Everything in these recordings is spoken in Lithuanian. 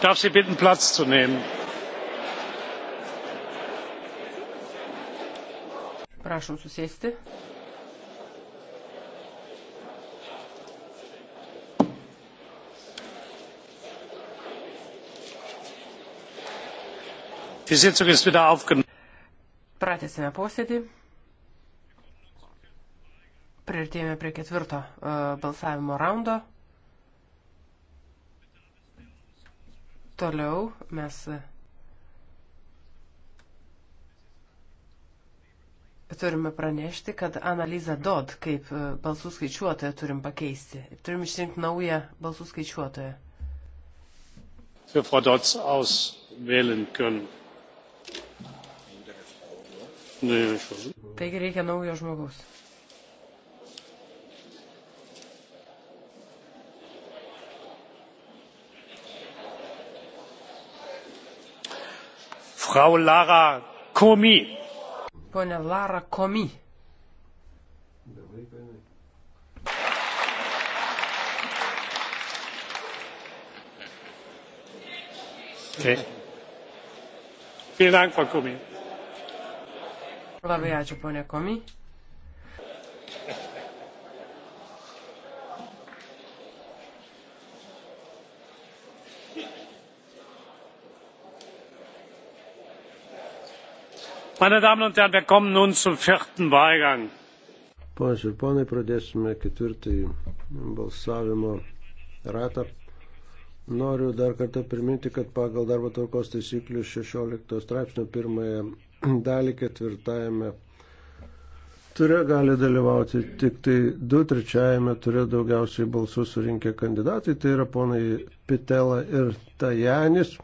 darf sie bitten platz zu nehmen. prašom susėsti. die sitzung ist wieder aufgenommen. pratęsėme posėdį. Priartėjome prie ketvirto uh, balsavimo raundo. Toliau mes turime pranešti, kad analizą DOD kaip e, balsų skaičiuotoją turim pakeisti. Turim išrinkti naują balsų skaičiuotoją. Für Frau Dodds auswählen können. Taigi reikia naujo žmogaus. Frau Lara Komi. Pone Lara Komi. Okay. Vielen Dank, Frau Komi. Labai ačiū, ponė Komi. Meine Damen und Herren, wir kommen nun zum vierten Wahlgang. Ponas ir ponai, pradėsime ketvirtąjį balsavimo ratą. Noriu dar kartą priminti, kad pagal darbo tvarkos taisyklių 16 straipsnio pirmąją dalį ketvirtajame ture gali dalyvauti tik tai du trečiajame ture daugiausiai balsų surinkę kandidatai, tai yra ponai Pitela ir Tajanis.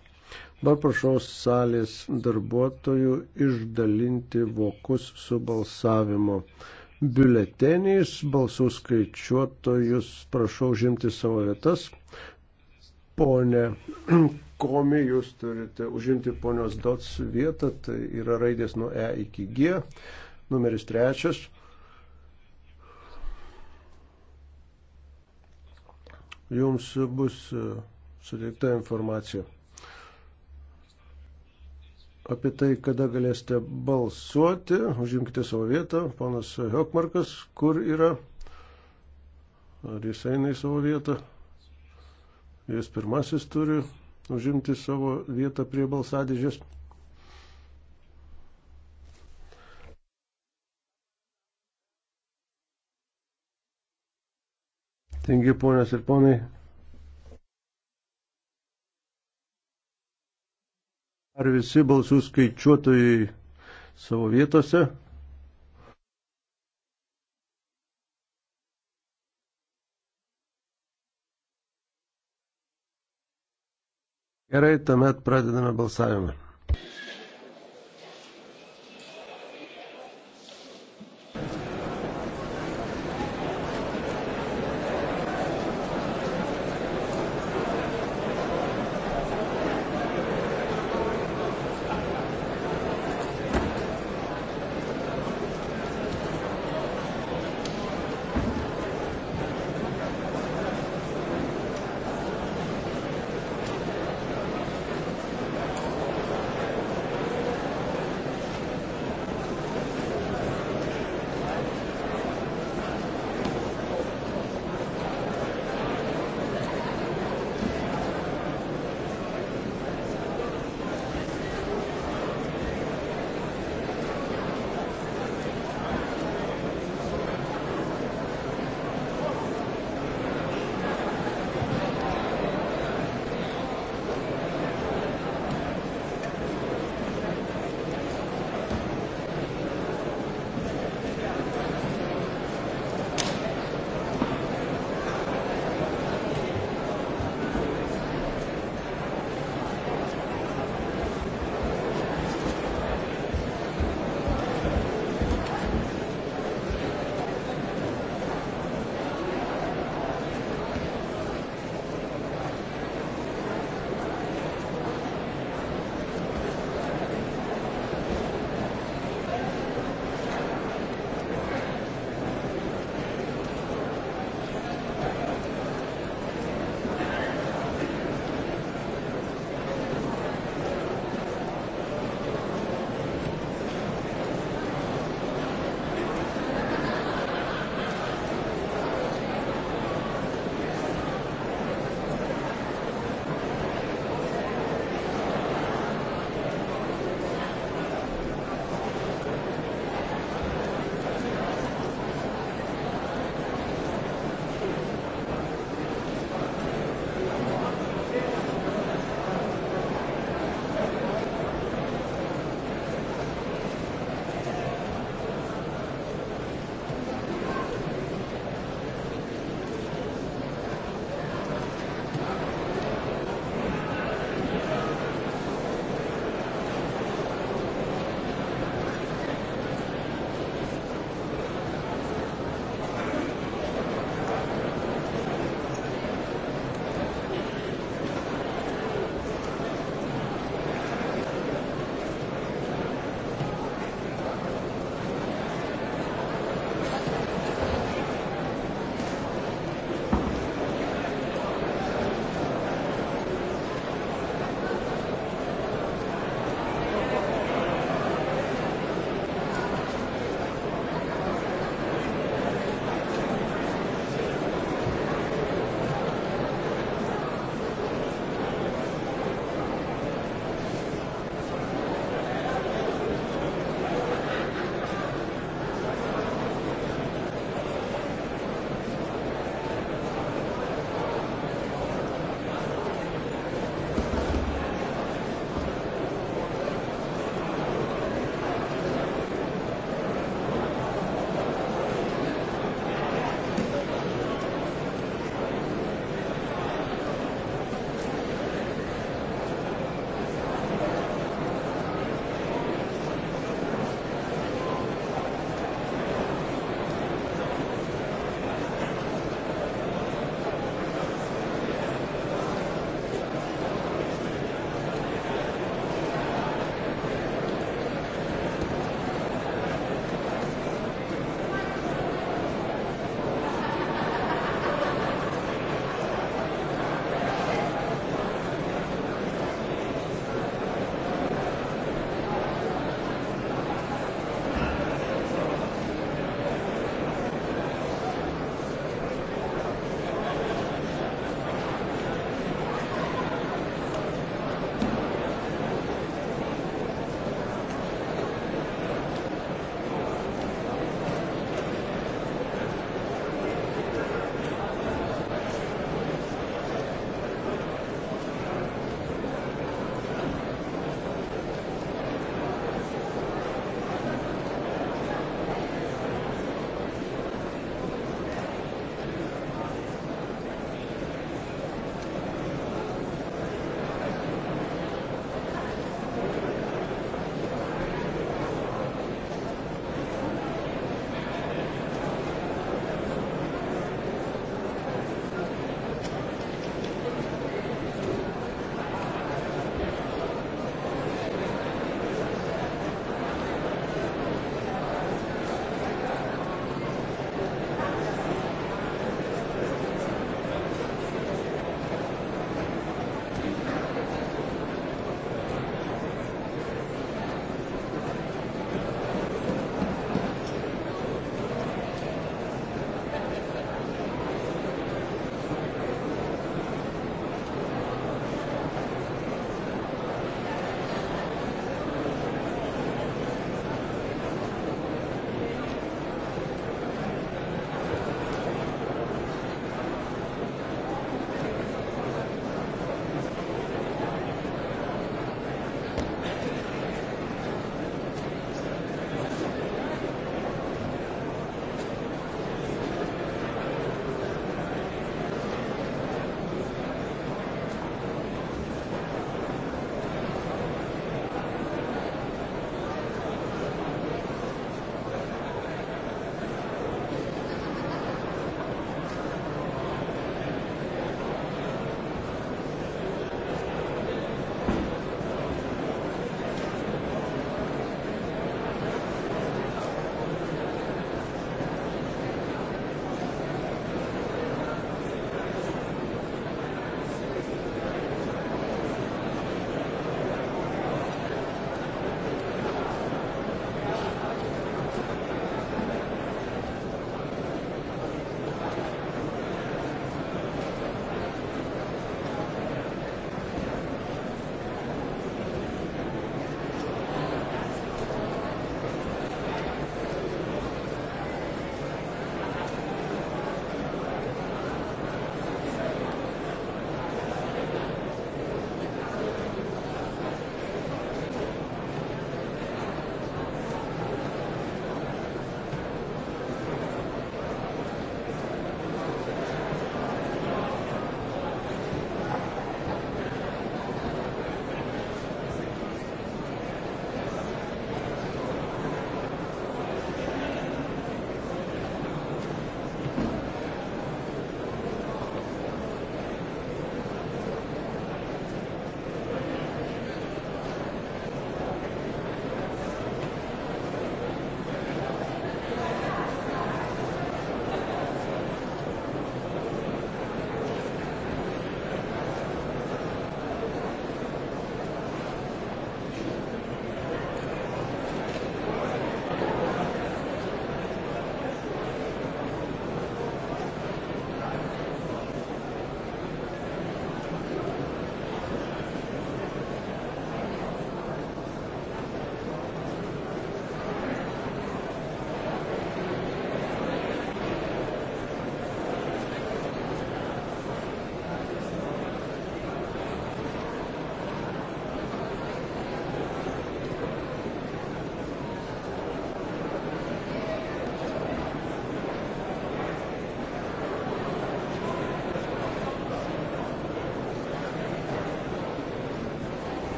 Dabar prašau salės darbuotojų išdalinti vokus su balsavimo biuleteniais. Balsų skaičiuotojus prašau žimti savo vietas. Pone Komi, jūs turite užimti ponios Dots vietą, tai yra raidės nuo E iki G, numeris trečias. Jums bus e, suteikta informacija apie tai, kada galėsite balsuoti. Užimkite savo vietą. Ponas Hokmarkas, kur yra? Ar jis eina į savo vietą? Jis pirmasis turi užimti savo vietą prie balsadėžės. Taigi, ponios ir ponai, Ar visi balsų skaičiuotojai savo vietose? Gerai, tuomet pradedame balsavimą.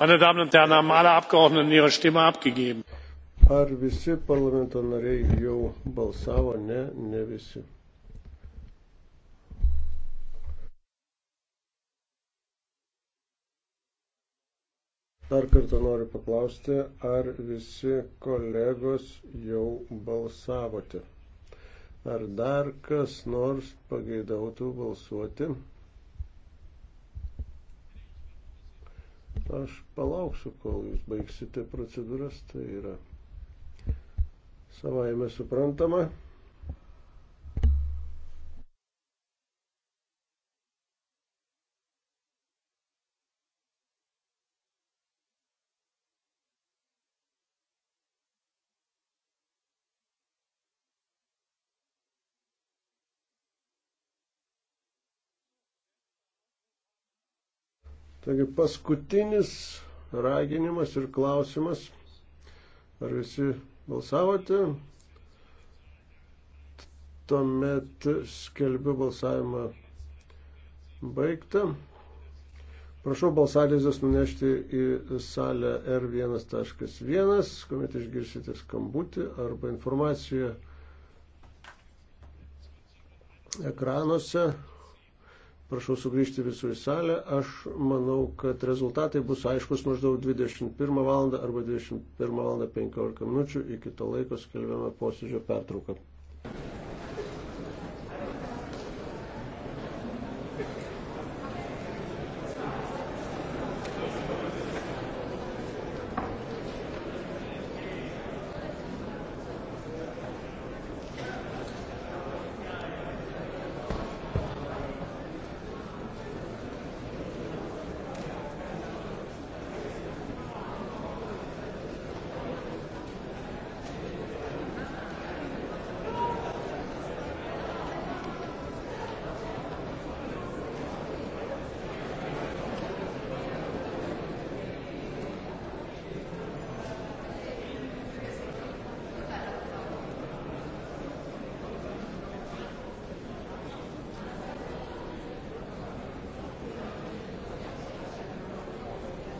meine damen und herren haben alle abgeordneten ihre stimme abgegeben? ar visi parlamento nariai jau balsavo ne ne visi Dar kartą noriu paklausti, ar visi kolegos jau balsavote? Ar dar kas nors pageidautų balsuoti? Aš palauksiu, kol jūs baigsite procedūras, tai yra savaime suprantama. Taigi paskutinis raginimas ir klausimas. Ar visi balsavote? Tuomet skelbiu balsavimą baigtą. Prašau balsadėzės nunešti į salę R1.1, kuomet išgirsite skambutį arba informaciją ekranuose. Prašau sugrįžti visų į salę. Aš manau, kad rezultatai bus aiškus maždaug 21 val. arba 21 val. 15 min. Iki to laiko skelbiame posėdžio pertrauką.